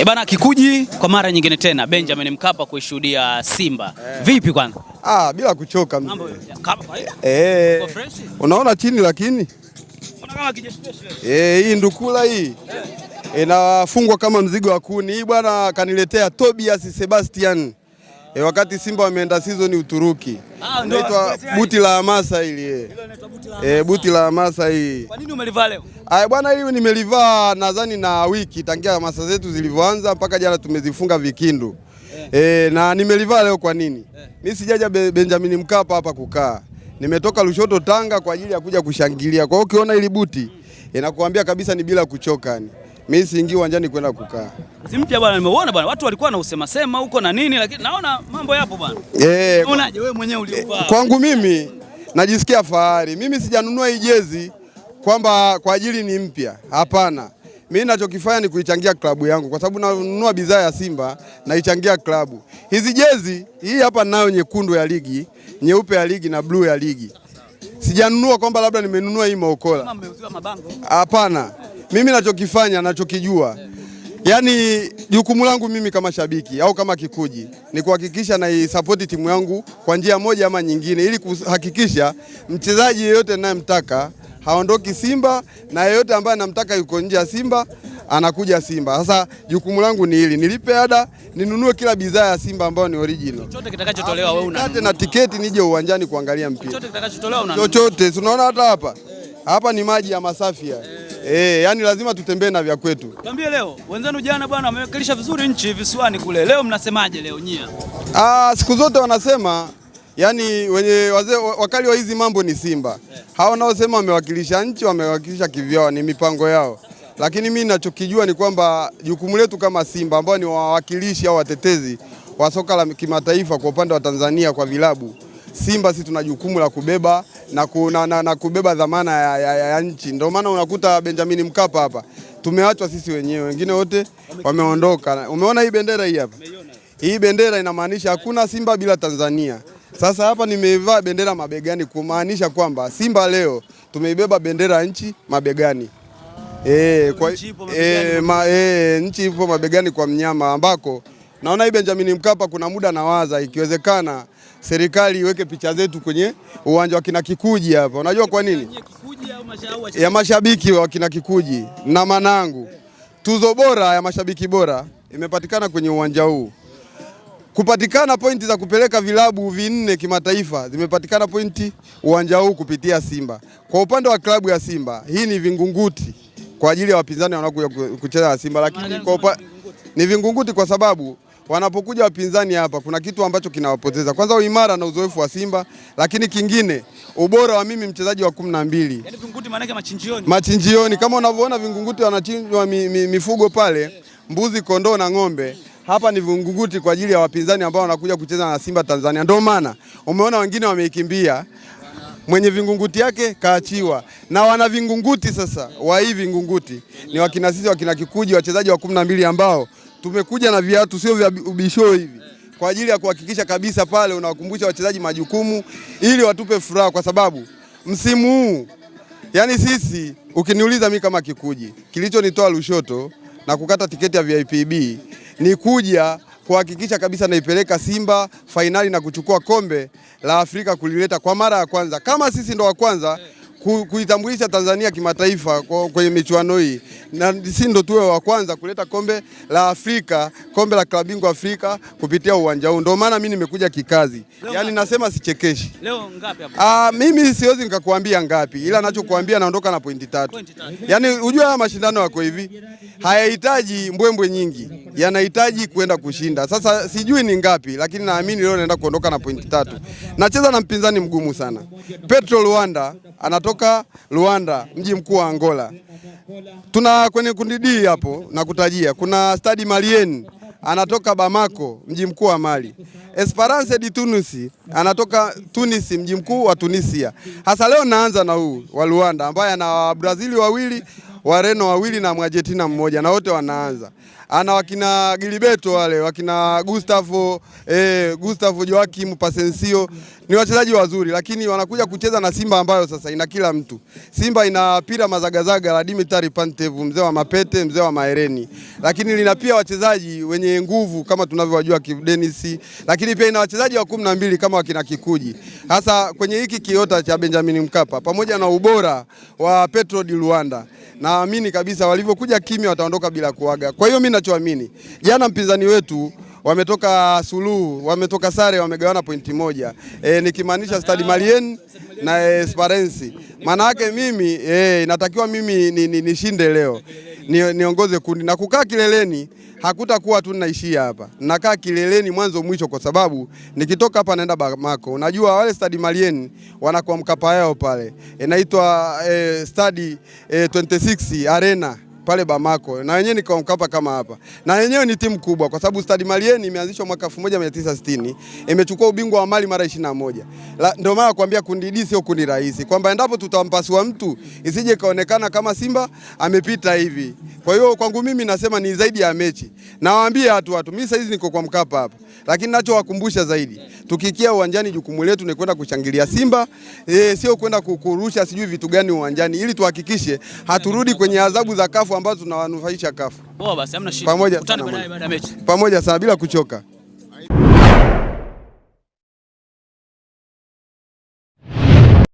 E bana Kikuji, kwa mara nyingine tena Benjamin Mkapa kuishuhudia Simba eh. Vipi kwanza? Ah, bila kuchoka mambo eh, unaona chini lakini eh, hii ndukula hii inafungwa eh. E, kama mzigo wa kuni hii bwana, kaniletea Tobias Sebastian E, wakati Simba wameenda season Uturuki. Ah, inaitwa buti la hamasa hili. Eh, eh buti la hamasa hii. Kwa nini umelivaa leo? Ah, bwana hili nimelivaa nadhani na wiki tangia hamasa zetu zilivyoanza mpaka jana tumezifunga vikindu. Eh, eh na nimelivaa leo kwa nini? Mimi sijaja Benjamin Mkapa hapa kukaa. Nimetoka Lushoto Tanga kwa ajili ya kuja kushangilia. Kwa hiyo ukiona hili buti mm. inakuambia kabisa ni bila kuchoka yani mimi siingi uwanjani kwenda kukaa. Si mpya bwana, nimeona bwana, watu walikuwa na usema sema huko na nini, lakini naona mambo yapo bwana. Eh, unaje wewe mwenyewe uliupa? Kwangu mimi najisikia fahari. Mimi sijanunua hii jezi kwamba kwa ajili ni mpya, hapana. Mimi ninachokifanya ni kuichangia klabu yangu, kwa sababu nanunua bidhaa ya Simba naichangia klabu. Hizi jezi hii hapa ninayo, nyekundu ya ligi, nyeupe ya ligi na bluu ya ligi. Sijanunua kwamba labda nimenunua hii Maokola, hapana. Mimi nachokifanya nachokijua, yani jukumu langu mimi kama shabiki au kama kikuji ni kuhakikisha naisapoti timu yangu kwa njia moja ama nyingine, ili kuhakikisha mchezaji yeyote ninayemtaka haondoki Simba na yeyote ambaye anamtaka yuko nje ya Simba anakuja Simba. Sasa jukumu langu ni hili, nilipe ada, ninunue kila bidhaa ya Simba ambayo ni original. Chochote kitakachotolewa wewe unanunua. Na tiketi nije uwanjani kuangalia mpira. Chochote kitakachotolewa unanunua. Chochote, unaona hata hapa. Hapa ni maji ya Masafia. Eh, yani lazima tutembee na vya kwetu. Tuambie leo, wenzenu jana bwana wamewakilisha vizuri nchi visiwani kule. Leo mnasemaje leo nyia? Ah, siku zote wanasema yani wenye wazee wakali wa hizi mambo ni Simba. Yeah. Hao wanaosema wamewakilisha nchi wamewakilisha kivyao, ni mipango yao. Lakini mimi ninachokijua ni kwamba jukumu letu kama Simba ambao ni wawakilishi au watetezi wa soka la kimataifa kwa upande wa Tanzania kwa vilabu Simba sisi tuna jukumu la kubeba na, ku, na, na, na kubeba dhamana ya, ya, ya, ya nchi. Ndio maana unakuta Benjamin Mkapa hapa tumeachwa sisi wenyewe, wengine wote wameondoka. Umeona hii bendera hii hapa, hii bendera inamaanisha hakuna Simba bila Tanzania. Sasa hapa nimeivaa bendera mabegani kumaanisha kwamba Simba leo tumeibeba bendera ya nchi mabegani. E, kwa, nchi ipo eh, mabegani, e, ma, e, nchi ipo mabegani kwa mnyama ambako naona hii Benjamin Mkapa kuna muda nawaza ikiwezekana serikali iweke picha zetu kwenye uwanja wa kina Kikuji hapa. Unajua kwa nini? Ya mashabiki wa kina Kikuji na Manangu. Tuzo bora ya mashabiki bora imepatikana kwenye uwanja huu. Kupatikana pointi za kupeleka vilabu vinne kimataifa zimepatikana pointi uwanja huu kupitia Simba. Kwa upande wa klabu ya Simba, hii ni vingunguti kwa ajili ya wapinzani wanaokuja kucheza na Simba, lakini kwa upa... ni vingunguti kwa sababu wanapokuja wapinzani hapa kuna kitu ambacho kinawapoteza. Kwanza uimara na uzoefu wa Simba, lakini kingine ubora wa mimi mchezaji wa kumi na mbili yani Vingunguti, maana machinjioni, machinjioni kama unavyoona Vingunguti wanachinjwa mi, mi, mifugo pale, mbuzi, kondoo na ng'ombe. Hapa ni Vingunguti kwa ajili ya wapinzani ambao wanakuja kucheza na Simba Tanzania. Ndio maana umeona wengine wameikimbia mwenye Vingunguti yake kaachiwa na wana Vingunguti. Sasa wa hivi Vingunguti ni wakina sisi wakina Kikuji, wachezaji wa kumi na mbili ambao tumekuja na viatu sio vya ubisho hivi kwa ajili ya kuhakikisha kabisa pale unawakumbusha wachezaji majukumu ili watupe furaha, kwa sababu msimu huu yani sisi, ukiniuliza mi kama Kikuji, kilichonitoa Lushoto na kukata tiketi ya VIPB ni kuja kuhakikisha kabisa naipeleka Simba fainali na kuchukua kombe la Afrika kulileta kwa mara ya kwanza. Kama sisi ndo wa kwanza kuitambulisha Tanzania kimataifa kwenye michuano hii, na si ndo tuwe wa kwanza kuleta kombe la Afrika, kombe la klabu bingwa Afrika kupitia uwanja huu. Ndio maana mimi nimekuja kikazi, yaani nasema sichekeshi. Leo ngapi hapo? Ah, mimi siwezi nikakwambia ngapi, ila anachokuambia naondoka na pointi tatu. Yaani unajua haya mashindano yako hivi hayahitaji mbwembwe nyingi, yanahitaji kuenda kushinda. Sasa sijui ni ngapi, lakini naamini leo naenda kuondoka na pointi tatu. Nacheza na mpinzani mgumu sana Petro Luanda anatoka kutoka Luanda, mji mkuu wa Angola. Tuna kwenye kundi D hapo na kutajia, kuna Stadi Malien anatoka Bamako, mji mkuu wa Mali. Esperance di Tunisi anatoka Tunis, mji mkuu wa Tunisia. Hasa leo naanza na huu wa Luanda ambaye ana Wabrazili wawili Wareno wawili na Mwajetina mmoja na wote wanaanza. Ana wakina Gilibeto wale, wakina Gustavo, eh, Gustavo Joakim Pasensio ni wachezaji wazuri, lakini wanakuja kucheza na Simba ambayo sasa ina kila mtu. Simba ina pira mazagazaga la Dimitri Pantev, mzee wa mapete, mzee wa maereni, lakini lina pia wachezaji wenye nguvu kama tunavyowajua Kidenisi, lakini pia ina wachezaji wa kumi na mbili kama wakina Kikuji, hasa kwenye hiki kiota cha Benjamin Mkapa pamoja na ubora wa Petro di Luanda naamini kabisa walivyokuja kimya wataondoka bila kuaga. Kwa hiyo mimi ninachoamini, jana mpinzani wetu wametoka suluhu, wametoka sare, wamegawana pointi moja e, nikimaanisha Stade Malien na Esperance. Maana yake mimi e, natakiwa mimi nishinde ni, ni leo niongoze ni kundi na kukaa kileleni hakutakuwa tu naishia hapa, nakaa kileleni mwanzo mwisho, kwa sababu nikitoka hapa naenda Bamako. Unajua wale stadi Malien wanakuwa mkapa yao pale inaitwa e, stadi e, 26 arena pale Bamako na wenyewe ni kwa Mkapa kama hapa, na wenyewe ni timu kubwa, kwa sababu stadi malieni imeanzishwa mwaka 1960 imechukua ubingwa wa Mali mara 21. Ndio maana nakwambia kundi D sio kundi rahisi, kwamba endapo tutampasua mtu isije kaonekana kama Simba amepita hivi. Kwa hiyo kwangu mimi nasema ni zaidi ya mechi, nawaambia watu watu, mimi sasa hizi niko kwa Mkapa hapa lakini nachowakumbusha zaidi, tukikia uwanjani, jukumu letu ni kwenda kushangilia Simba e, sio kwenda kukurusha sijui vitu gani uwanjani, ili tuhakikishe haturudi kwenye adhabu za kafu ambazo tunawanufaisha kafu. Poa basi, hamna shida. Pamoja sana bila kuchoka.